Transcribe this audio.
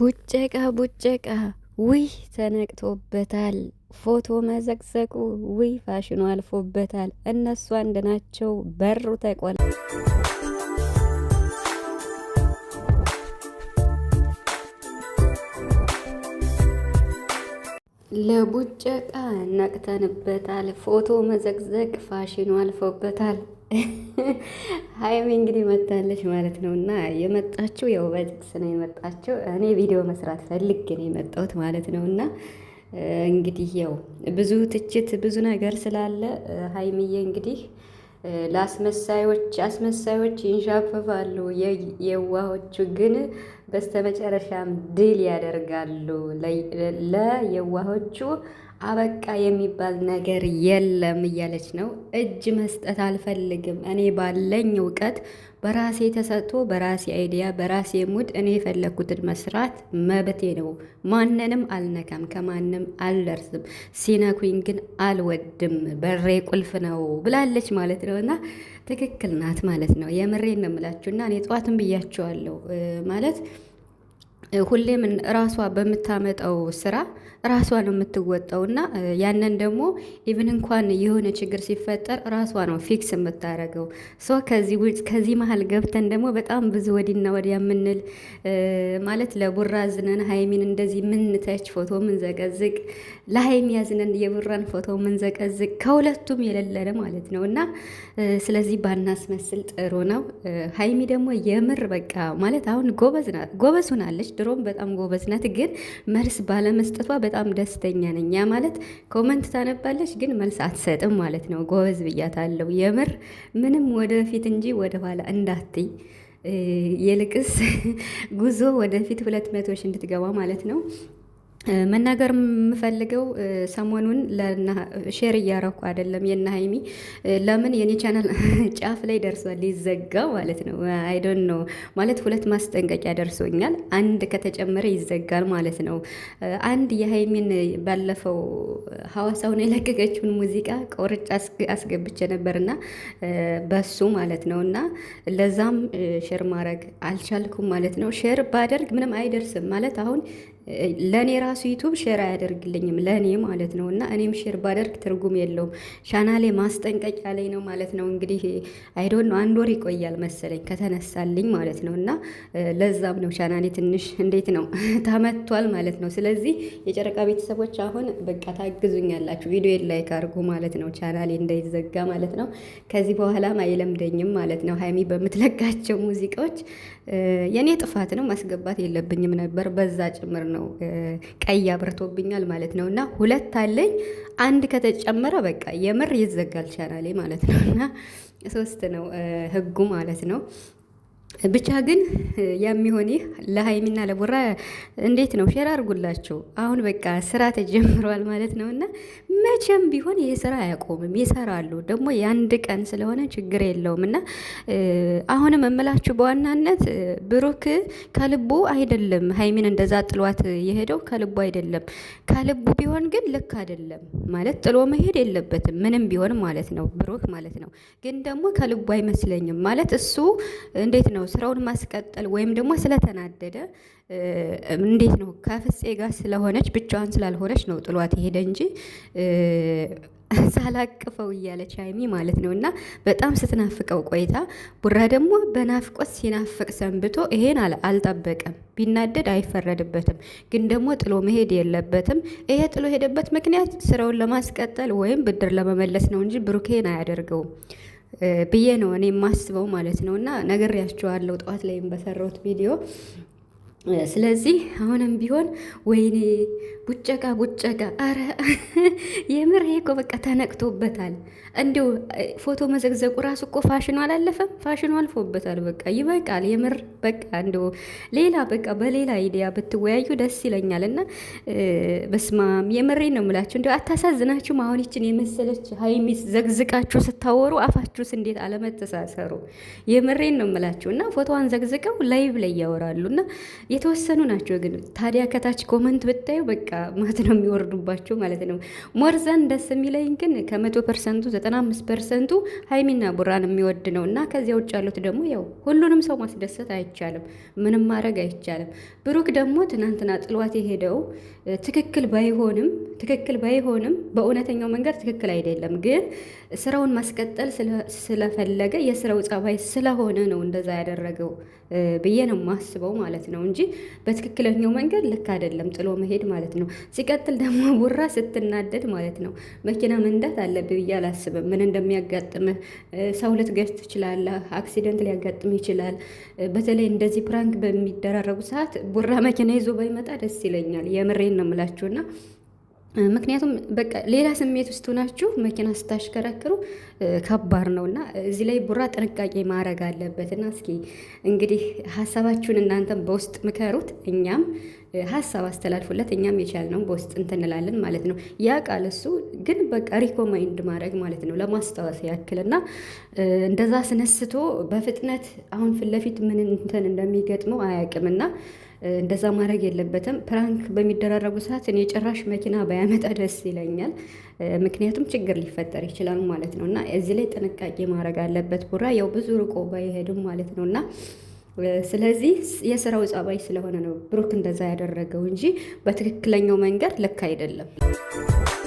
ቡጨቃ ቡጨቃ ውይ ተነቅቶበታል። ፎቶ መዘግዘቁ ውይ ፋሽኑ አልፎበታል። እነሱ አንድ ናቸው። በሩ ተቆላ ለቡጨቃ ነቅተንበታል። ፎቶ መዘቅዘቅ ፋሽኑ አልፎበታል። ሀይሚ እንግዲህ መታለች ማለት ነው። እና የመጣችው ያው በጥቅስ ነው የመጣችው። እኔ ቪዲዮ መስራት ፈልግ ነው የመጣሁት ማለት ነው። እና እንግዲህ ያው ብዙ ትችት ብዙ ነገር ስላለ ሀይሚዬ እንግዲህ ለአስመሳዮች አስመሳዮች ይንሻፈፋሉ፣ የዋሆቹ ግን በስተመጨረሻም ድል ያደርጋሉ። ለየዋሆቹ አበቃ የሚባል ነገር የለም እያለች ነው። እጅ መስጠት አልፈልግም እኔ ባለኝ እውቀት በራሴ ተሰጥቶ በራሴ አይዲያ በራሴ ሙድ እኔ የፈለግኩትን መስራት መብቴ ነው። ማንንም አልነካም፣ ከማንም አልደርስም። ሲነኩኝ ግን አልወድም። በሬ ቁልፍ ነው ብላለች ማለት ነው እና ትክክል ናት ማለት ነው። የምሬን ነው የምላችሁ እና እኔ ጠዋትም ብያቸዋለሁ ማለት ሁሌም ራሷ በምታመጣው ስራ ራሷ ነው የምትወጣው እና ያንን ደግሞ ኢቭን እንኳን የሆነ ችግር ሲፈጠር ራሷ ነው ፊክስ የምታደርገው። ሶ ከዚህ መሀል ገብተን ደግሞ በጣም ብዙ ወዲና ወዲያ የምንል ማለት ለቡራ አዝነን ሀይሚን እንደዚህ ምንተች ፎቶ ምንዘቀዝቅ፣ ለሀይሚ ያዝነን የቡራን ፎቶ ምንዘቀዝቅ ከሁለቱም የሌለን ማለት ነው እና ስለዚህ ባናስመስል ጥሩ ነው። ሀይሚ ደግሞ የምር በቃ ማለት አሁን ጎበዝ ሆናለች። ድሮም በጣም ጎበዝ ናት፣ ግን መልስ ባለመስጠቷ በጣም ደስተኛ ነኝ። ያ ማለት ኮመንት ታነባለች፣ ግን መልስ አትሰጥም ማለት ነው። ጎበዝ ብያታለሁ። የምር ምንም ወደፊት እንጂ ወደኋላ እንዳትይ የልቅስ ጉዞ ወደፊት ሁለት መቶ ሺህ እንድትገባ ማለት ነው። መናገር የምፈልገው ሰሞኑን ሼር እያረኩ አይደለም። የነ ሀይሚ ለምን የኔ ቻናል ጫፍ ላይ ደርሷል ይዘጋ ማለት ነው። አይዶን ነው ማለት ሁለት ማስጠንቀቂያ ደርሶኛል። አንድ ከተጨመረ ይዘጋል ማለት ነው። አንድ የሀይሚን ባለፈው ሀዋሳውን የለቀቀችውን ሙዚቃ ቆርጭ አስገብቼ ነበርና በሱ ማለት ነው እና ለዛም ሼር ማድረግ አልቻልኩም ማለት ነው። ሼር ባደርግ ምንም አይደርስም ማለት አሁን ለእኔ ራሱ ዩቱብ ሼር አያደርግልኝም ለእኔ ማለት ነው። እና እኔም ሼር ባደርግ ትርጉም የለውም። ቻናሌ ማስጠንቀቂያ ላይ ነው ማለት ነው። እንግዲህ አይዶን ነው አንድ ወር ይቆያል መሰለኝ ከተነሳልኝ ማለት ነው። እና ለዛም ነው ቻናሌ ትንሽ እንዴት ነው ተመቷል ማለት ነው። ስለዚህ የጨረቃ ቤተሰቦች አሁን በቃ ታግዙኛላችሁ። ቪዲዮ ላይክ አድርጉ ማለት ነው። ቻናሌ እንዳይዘጋ ማለት ነው። ከዚህ በኋላም አይለምደኝም ማለት ነው። ሀይሚ በምትለቃቸው ሙዚቃዎች የእኔ ጥፋት ነው። ማስገባት የለብኝም ነበር በዛ ጭምር ነው ነው ቀይ አብርቶብኛል ማለት ነው። እና ሁለት አለኝ አንድ ከተጨመረ በቃ የምር ይዘጋል ቻናሌ ማለት ነው። እና ሶስት ነው ህጉ ማለት ነው። ብቻ ግን የሚሆን ይህ ለሀይሚና ለቡራ እንዴት ነው ሼር አድርጉላቸው። አሁን በቃ ስራ ተጀምሯል ማለት ነው እና መቼም ቢሆን ይሄ ስራ አያቆምም፣ ይሰራሉ። ደግሞ የአንድ ቀን ስለሆነ ችግር የለውም እና አሁንም እምላችሁ በዋናነት ብሩክ ከልቡ አይደለም ሀይሚን እንደዛ ጥሏት የሄደው ከልቡ አይደለም። ከልቡ ቢሆን ግን ልክ አይደለም ማለት ጥሎ መሄድ የለበትም ምንም ቢሆን ማለት ነው ብሩክ ማለት ነው። ግን ደግሞ ከልቡ አይመስለኝም ማለት እሱ እንዴት ነው ስራውን ማስቀጠል ወይም ደግሞ ስለተናደደ እንዴት ነው ከፍፄ ጋር ስለሆነች ብቻዋን ስላልሆነች ነው ጥሏት የሄደ እንጂ ሳላቅፈው እያለች ሀይሚ ማለት ነው። እና በጣም ስትናፍቀው ቆይታ ቡራ ደግሞ በናፍቆት ሲናፍቅ ሰንብቶ ይሄን አልጠበቀም። ቢናደድ አይፈረድበትም፣ ግን ደግሞ ጥሎ መሄድ የለበትም። ይሄ ጥሎ ሄደበት ምክንያት ስራውን ለማስቀጠል ወይም ብድር ለመመለስ ነው እንጂ ብሩኬን አያደርገውም ብዬ ነው እኔ የማስበው ማለት ነው። እና ነግሬያችኋለሁ ጠዋት ላይም በሰራሁት ቪዲዮ ስለዚህ አሁንም ቢሆን ወይኔ ቡጨቃ ቡጨቃ፣ አረ የምር ይሄ እኮ በቃ ተነቅቶበታል። እንዲው ፎቶ መዘግዘቁ ራሱ እኮ ፋሽኑ አላለፈም፣ ፋሽኑ አልፎበታል። በቃ ይበቃል፣ የምር በቃ እንዲው ሌላ በቃ በሌላ አይዲያ ብትወያዩ ደስ ይለኛል። እና በስማም የምሬ ነው ምላችሁ። እንዲው አታሳዝናችሁም? አሁን ይችን የመሰለች ሀይሚስ ዘግዝቃችሁ ስታወሩ አፋችሁስ እንዴት አለመተሳሰሩ! የምሬን ነው ምላችሁ። እና ፎቶዋን ዘግዝቀው ላይቭ ላይ ያወራሉ እና የተወሰኑ ናቸው። ግን ታዲያ ከታች ኮመንት ብታዩ በቃ ማት ነው የሚወርዱባቸው ማለት ነው። ሞርዘን ደስ የሚለኝ ግን ከመቶ ፐርሰንቱ ዘጠና አምስት ፐርሰንቱ ሀይሚና ቡራን የሚወድ ነው እና ከዚያ ውጭ ያሉት ደግሞ ያው ሁሉንም ሰው ማስደሰት አይቻልም፣ ምንም ማድረግ አይቻልም። ብሩክ ደግሞ ትናንትና ጥሏት የሄደው ትክክል ባይሆንም ትክክል ባይሆንም በእውነተኛው መንገድ ትክክል አይደለም፣ ግን ስራውን ማስቀጠል ስለፈለገ የስራው ጸባይ ስለሆነ ነው እንደዛ ያደረገው ብዬ ነው ማስበው ማለት ነው እንጂ በትክክለኛው መንገድ ልክ አይደለም ጥሎ መሄድ ማለት ነው። ሲቀጥል ደግሞ ቡራ ስትናደድ ማለት ነው መኪና መንዳት አለብህ ብዬ አላስብም። ምን እንደሚያጋጥምህ ሰው ልትገጭ ትችላለህ፣ አክሲደንት ሊያጋጥም ይችላል። በተለይ እንደዚህ ፕራንክ በሚደራረጉ ሰዓት ቡራ መኪና ይዞ ባይመጣ ደስ ይለኛል። የምሬን ነው የምላችሁና ምክንያቱም በቃ ሌላ ስሜት ውስጥ ሆናችሁ መኪና ስታሽከረክሩ ከባድ ነው እና እዚህ ላይ ቡራ ጥንቃቄ ማድረግ አለበት እና እስኪ እንግዲህ ሀሳባችሁን እናንተም በውስጥ ምከሩት፣ እኛም ሀሳብ አስተላልፉለት፣ እኛም የቻልነው በውስጥ እንትንላለን ማለት ነው። ያ ቃል እሱ ግን በቃ ሪኮማይንድ ማድረግ ማለት ነው ለማስታወስ ያክል እና እንደዛ ስነስቶ በፍጥነት አሁን ፊት ለፊት ምን እንትን እንደሚገጥመው አያውቅም እና እንደዛ ማድረግ የለበትም። ፕራንክ በሚደራረጉ ሰዓት እኔ ጭራሽ መኪና ባያመጣ ደስ ይለኛል። ምክንያቱም ችግር ሊፈጠር ይችላል ማለት ነው እና እዚህ ላይ ጥንቃቄ ማድረግ አለበት። ቡራ ያው ብዙ ርቆ ባይሄድም ማለት ነው እና ስለዚህ የስራው ጸባይ ስለሆነ ነው ብሩክ እንደዛ ያደረገው እንጂ በትክክለኛው መንገድ ልክ አይደለም።